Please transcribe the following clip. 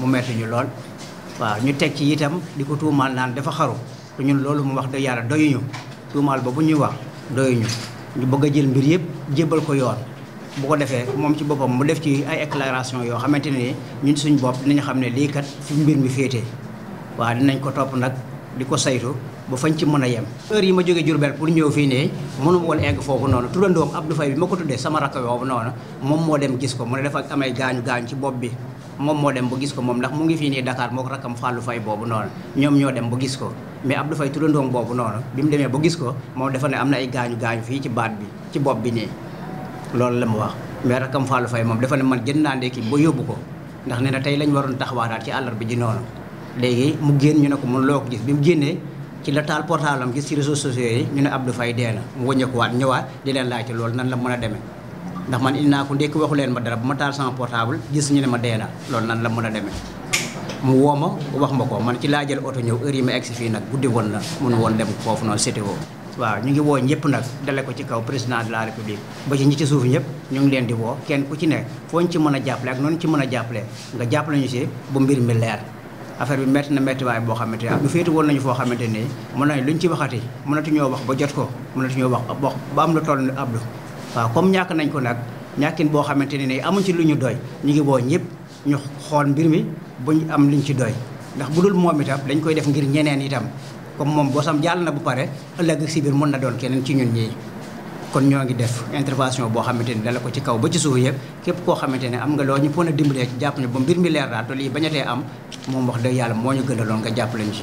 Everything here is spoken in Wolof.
mu metti ñu lool waaw ñu teg ci itam di ko tuumaal naan dafa xaru te ñun loolu mu wax dëgg yàlla doyuñu tuumaal bu ñuy wax doyuñu ñu bëgg a jël mbir yëpp jébbal ko yoon bu ko defee moom ci boppam mu def ci ay déclaration yoo xamante ne ñun suñ bopp dinañ xam ne lii kat fi mbir mi féetee waaw dinañ ko topp nag di ko saytu ba fañ ci mën a yem heure yi ma jógee Diourbel pour ñëw fii ne mënu woon egg foofu noonu turandoom Abdou Faye bi ma ko tuddee sama rakk boobu noonu moom moo dem gis ko mu ne dafa am ay gaañu gaañu ci bopp bi moom moo dem ba gis ko moom ndax mu ngi fii nii Dakar moo ko rakkam Fallou Faye boobu noonu ñoom ñoo dem ba gis ko mais Abdou Faye turandoom boobu noonu bi mu demee gis ko mo dafa ne am na ay gaañu gaañu fii ci baat bi ci bopp bi nii loolu la mu wax mais rakkam Fallou Faye moom dafa ne man jën naa ndekki ba yóbbu ko ndax nee na tey lañ waroon taxawaataat ci àllar bi ji noonu léegi mu génn ñu ne ko mun loo ko gis bi mu génnee ci la taal gis ci réseaux sociaux yi ñu ne Abdou Faye dee na mu wëññeekuwaat ñëwaat di leen laajte loolu nan la mën demee ndax man indi naa ko ndékki waxu leen ma dara bu ma taal sama portable gis ñu ne ma dee na loolu nan la mën a demee mu woo ma wax ma ko man ci laa jël oto ñëw heure yi ma egsi fii nag guddi woon na mun woon dem foofu noonu CTO waaw ñu ngi woo ñëpp nag dale ko ci kaw président de la république ba ci ñi ci suuf ñëpp ñu ngi leen di woo kenn ku ci nekk foo ñu ci mën a jàppale ak noonu ci mën a jàppale nga jàppale ñu si bu mbir mi leer affaire bi métti na métti waay boo xamante ne ñu féete woon nañu foo xamante ne mën nañ luñ ci waxati mënatuñoo wax ba jot ko mënatuñoo wax ba am lu toll ni abdu waaw comme ñàkk nañ ko nag ñàkkin boo xamante ne nii amuñ ci lu ñu doy ñu ngi woo ñëpp ñu xool mbir mi ñu am liñ ci doy ndax bu dul moom itam dañ koy def ngir ñeneen itam comme moom boo sam jàll na bu pare ëllëg si biir mën na doon keneen ci ñun ñii kon ñoo ngi def intervention boo xamante ni dala ko ci kaw ba ci suuf yëpp képp koo xamante ne am nga loo ñu pon a dimbalee jàpp ñu ba mbir mi leer daal te lii bañatee am moom wax dëgg yàlla moo ñu gënaloon nga jàpp lañ ci